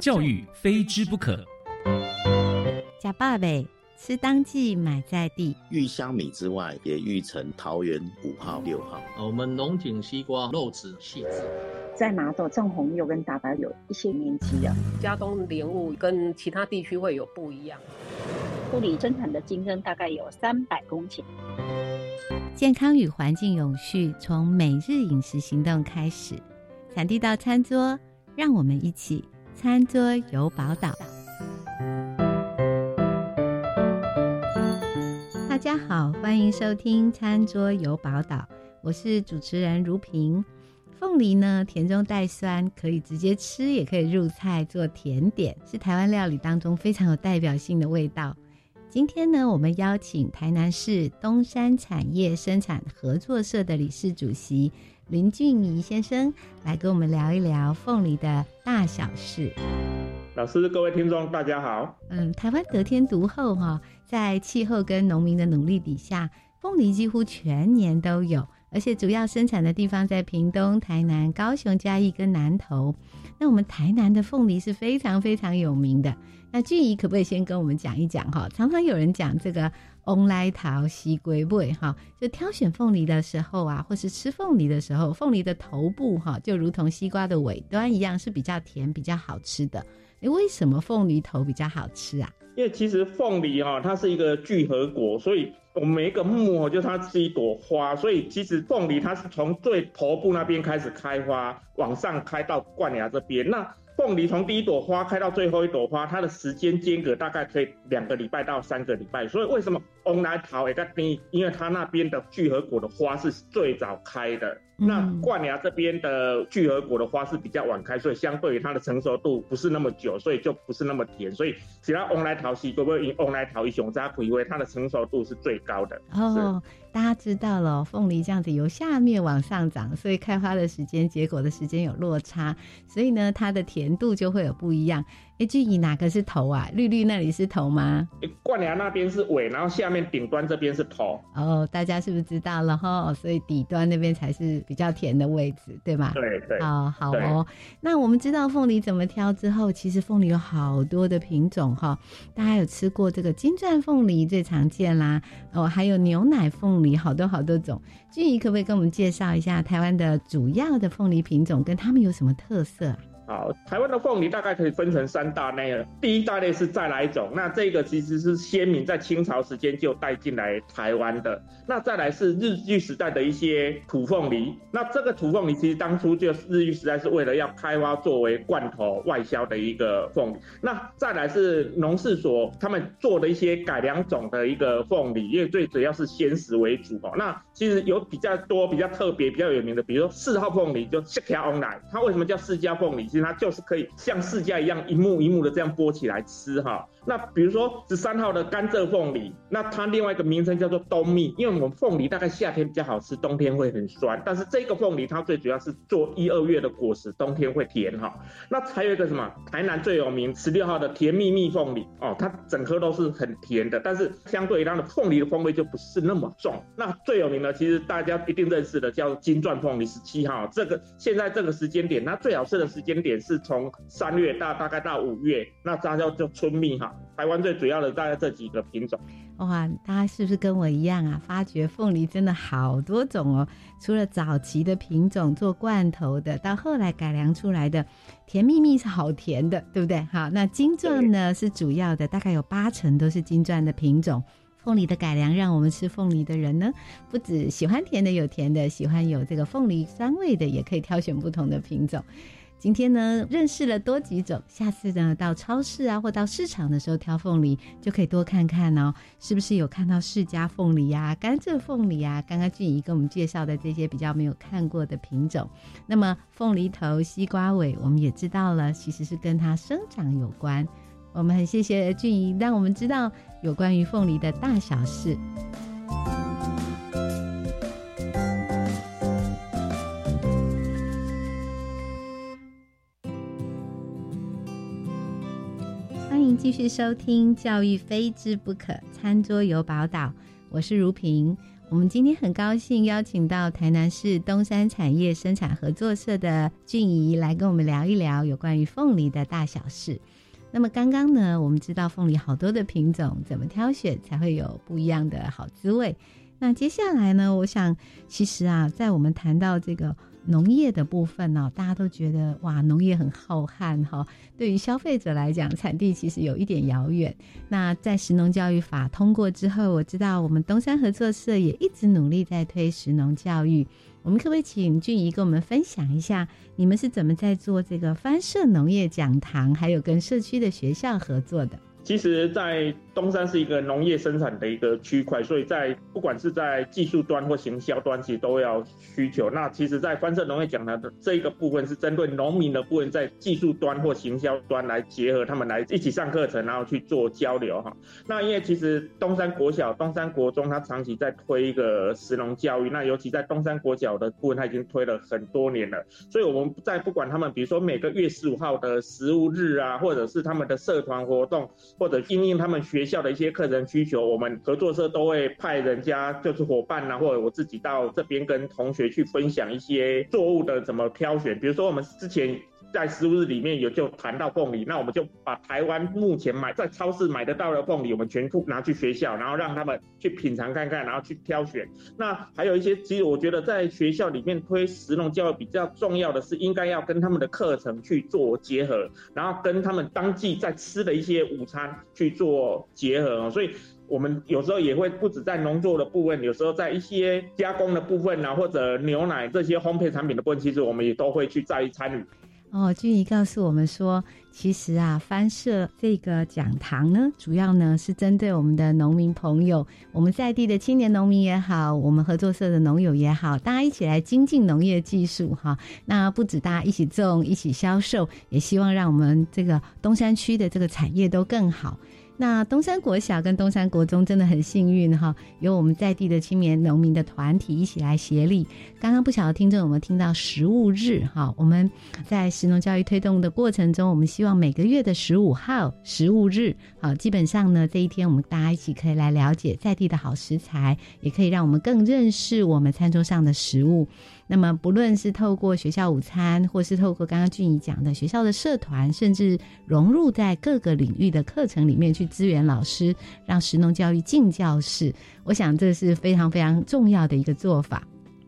教育非知不可。假霸味吃當季買在地，玉香米之外也育成桃園五號、六號。我們龍井西瓜肉質細緻，在麻豆正紅又跟大白有一些面積了。佳冬蓮霧跟其他地區會有不一樣。庫理生產的金針大概有三百公頃。健康與環境永續，從每日飲食行動開始，產地到餐桌，讓我們一起。餐桌遊寶島。大家好，歡迎收聽《餐桌遊寶島》，我是主持人如萍。鳳梨呢，甜中帶酸，可以直接吃，也可以入菜做甜點，是台灣料理當中非常有代表性的味道。今天呢，我們邀請台南市東山產業生產合作社的理事主席，林俊儀先生來跟我們聊一聊鳳梨的大小事。老師、各位聽眾，大家好。嗯，台灣得天獨厚哈，在氣候跟農民的努力底下，鳳梨幾乎全年都有。而且主要生產的地方在屏東、台南、高雄、嘉義跟南投。那我們台南的鳳梨是非常非常有名的。那俊儀可不可以先跟我們講一講哈？常常有人講這個“旺來頭，西瓜尾”哈，就挑選鳳梨的時候啊，或是吃鳳梨的時候，鳳梨的頭部哈，就如同西瓜的尾端一樣，是比較甜、比較好吃的。哎、欸，為什麼鳳梨頭比較好吃啊？因為其實鳳梨哈、啊，它是一個聚合果，所以。我們每一個目，就是它是一朵花，所以其實鳳梨它是從最頭部那邊開始開花，往上開到冠芽這邊。那鳳梨從第一朵花開到最後一朵花，它的時間間隔大概可以兩個禮拜到三個禮拜。所以為什麼？鳳梨頭，一個鳳，因為它那邊的聚合果的花是最早開的，嗯、那冠芽這邊的聚合果的花是比較晚開，所以相對於它的成熟度不是那麼久，所以就不是那麼甜。所以其他鳳梨頭是一因鳳梨頭一雄，扎葵，會它的成熟度是最高的。哦，大家知道了，鳳梨這樣子由下面往上長，所以開花的時間、結果的時間有落差，所以呢，它的甜度就會有不一樣。哎、欸，俊儀，哪個是頭啊？綠綠那裡是頭嗎？冠芽那邊是尾，然後下面頂端這邊是頭。哦，大家是不是知道了哈？所以底端那邊才是比較甜的位置，對嗎？對對。哦，好哦。那我們知道鳳梨怎麼挑之後，其實鳳梨有好多的品種哈。大家有吃過這個金鑽鳳梨，最常見啦。哦，還有牛奶鳳梨，好多好多種。俊儀，可不可以跟我們介紹一下台灣的主要的鳳梨品種，跟他們有什麼特色啊？好，台灣的鳳梨大概可以分成三大類。第一大類是再來一種，那這個其實是先民在清朝時間就帶進來台灣的。那再來是日據時代的一些土鳳梨，那這個土鳳梨其實當初就是日據時代是為了要開發作為罐頭外銷的一個鳳梨。那再來是農事所他們做的一些改良種的一個鳳梨，因為最主要是鮮食為主哦。那其實有比較多比較特別比較有名的，比如說四號鳳梨就釋迦旺來，它為什麼叫釋迦鳳梨？其實它就是可以像釋迦一樣一目一目的這樣剝起來吃哈。那比如說十三號的甘蔗鳳梨，那它另外一個名稱叫做冬蜜，因為我們鳳梨大概夏天比較好吃，冬天會很酸。但是這個鳳梨它最主要是做一二月的果實，冬天會甜哈。那還有一個什麼，台南最有名十六號的甜蜜蜜鳳梨哦，它整顆都是很甜的，但是相對於它的鳳梨的風味就不是那麼重。那最有名的其實大家一定認識的叫金鑽鳳梨十七號，這個現在這個時間點，那最好吃的時間點是從三月到大概到五月，那它叫叫春蜜哈。台灣最主要的大概這幾個品種，哇，大家是不是跟我一樣啊？發覺鳳梨真的好多種哦，除了早期的品種做罐頭的，到後來改良出來的，甜蜜蜜是好甜的，對不對？好，那金鑽呢是主要的，大概有八成都是金鑽的品種。鳳梨的改良，讓我們吃鳳梨的人呢，不止喜歡甜的有甜的，喜歡有這個鳳梨酸味的也可以挑選不同的品種。今天呢，認識了多幾種，下次呢到超市啊或到市場的時候挑鳳梨，就可以多看看哦，是不是有看到釋迦鳳梨呀、啊、甘蔗鳳梨啊？剛剛俊儀跟我們介紹的這些比較沒有看過的品種，那麼鳳梨頭、西瓜尾，我們也知道了，其實是跟它生長有關。我們很謝謝俊儀，讓我們知道有關於鳳梨的大小事。繼續收聽《教育非知不可》，餐桌遊寶島，我是如萍。我們今天很高興邀請到台南市東山產業生產合作社的俊儀來跟我們聊一聊有關於鳳梨的大小事。那麼剛剛呢，我們知道鳳梨好多的品種，怎麼挑選才會有不一樣的好滋味？那接下來呢，我想其實啊，在我們談到這個，農業的部分呢，大家都覺得哇，農業很浩瀚哈。對於消費者來講，產地其實有一點遙遠。那在食農教育法通過之後，我知道我們東山合作社也一直努力在推食農教育。我們可不可以請俊儀跟我們分享一下，你們是怎麼在做這個番社農業講堂，還有跟社區的學校合作的？其實在，在東山是一個農業生產的一個區塊，所以在不管是在技術端或行銷端，其實都要需求。那其實，在觀涉農業講的這一個部分，是針對農民的部分，在技術端或行銷端來結合他們來一起上課程，然後去做交流哈。那因為其實東山國小、東山國中，他長期在推一個食農教育。那尤其在東山國小的部分，他已經推了很多年了，所以我們在不管他們，比如說每個月十五號的食物日啊，或者是他們的社團活動，或者應用他們學校的一些課程需求，我們合作社都會派人家就是夥伴吶，然後或者我自己到這邊跟同學去分享一些作物的怎麼挑選，比如說我們之前，在食物裡面也就談到鳳梨，那我們就把台灣目前買在超市買得到的鳳梨，我們全部拿去學校，然後讓他們去品嘗看看，然後去挑選。那還有一些，其實我覺得在學校裡面推食農教育比較重要的是，應該要跟他們的課程去做結合，然後跟他們當季在吃的一些午餐去做結合。所以，我們有時候也會不止在農作的部分，有時候在一些加工的部分啊，或者牛奶這些烘焙產品的部分，其實我們也都會去再參與。哦，俊儀告訴我們說，其實啊，番社這個講堂呢，主要呢是針對我們的農民朋友，我們在地的青年農民也好，我們合作社的農友也好，大家一起來精進農業技術哈。那不止大家一起種、一起銷售，也希望讓我們這個東山區的這個產業都更好。那東山國小跟東山國中真的很幸運哈，有我們在地的青年農民的團體一起來協力。剛剛不曉得聽眾有沒有聽到食物日哈？我們在食農教育推動的過程中，我們希望每個月的十五號食物日，好，基本上呢這一天我們大家一起可以來了解在地的好食材，也可以讓我們更認識我們餐桌上的食物。那麼，不論是透過學校午餐，或是透過剛剛俊儀講的學校的社團，甚至融入在各個領域的課程裡面去支援老師，讓食農教育進教室，我想這是非常非常重要的一個做法。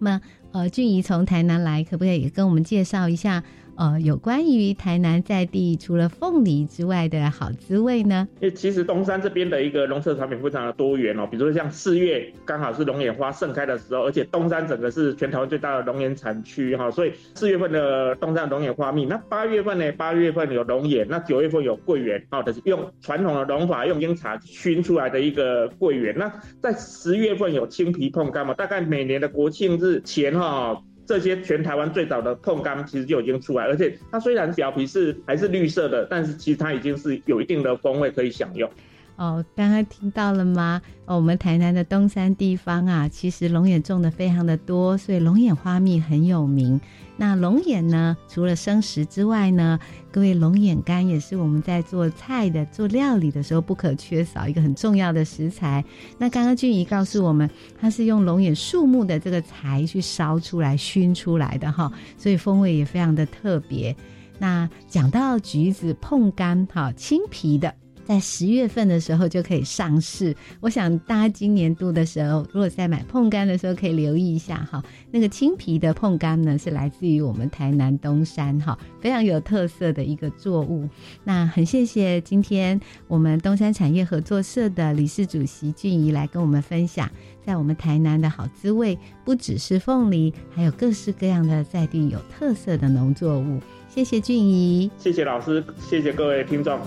那麼，呃，俊儀從台南來，可不可以也跟我們介紹一下？呃、哦，有關於台南在地除了鳳梨之外的好滋味呢，因為其實東山這邊的一個農特產品非常的多元哦，比如說像四月剛好是龍眼花盛開的時候，而且東山整個是全台灣最大的龍眼產區哈、哦，所以四月份的東山龍眼花蜜。那八月份呢？八月份有龍眼，那九月份有桂圓，它、哦就是用傳統的龍法用煙茶燻出來的一個桂圓。那在十月份有青皮椪柑嘛，大概每年的國慶日前哈、哦。這些全台灣最早的椪柑其實就已經出來，而且它雖然表皮是還是綠色的，但是其實它已經是有一定的風味可以享用。哦，剛剛聽到了嗎？哦，我們台南的東山地方啊，其實龍眼種的非常的多，所以龍眼花蜜很有名。那龍眼呢，除了生食之外呢，各位龍眼乾也是我們在做菜的、做料理的時候不可缺少一個很重要的食材。那剛剛俊儀告訴我們，它是用龍眼樹木的這個柴去燒出來、燻出來的哈，哦，所以風味也非常的特別。那講到橘子碰干哈，青皮的。在十月份的時候就可以上市。我想大家今年度的時候，如果在買碰柑的時候，可以留意一下哈。那個青皮的碰柑呢，是來自於我們台南東山哈，非常有特色的一個作物。那很謝謝今天我們東山產業合作社的理事主席俊儀來跟我們分享，在我們台南的好滋味，不只是鳳梨，還有各式各樣的在地有特色的農作物。謝謝俊儀，謝謝老師，謝謝各位聽眾。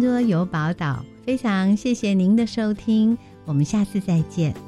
桌遊寶島，非常謝謝您的收聽，我們下次再見。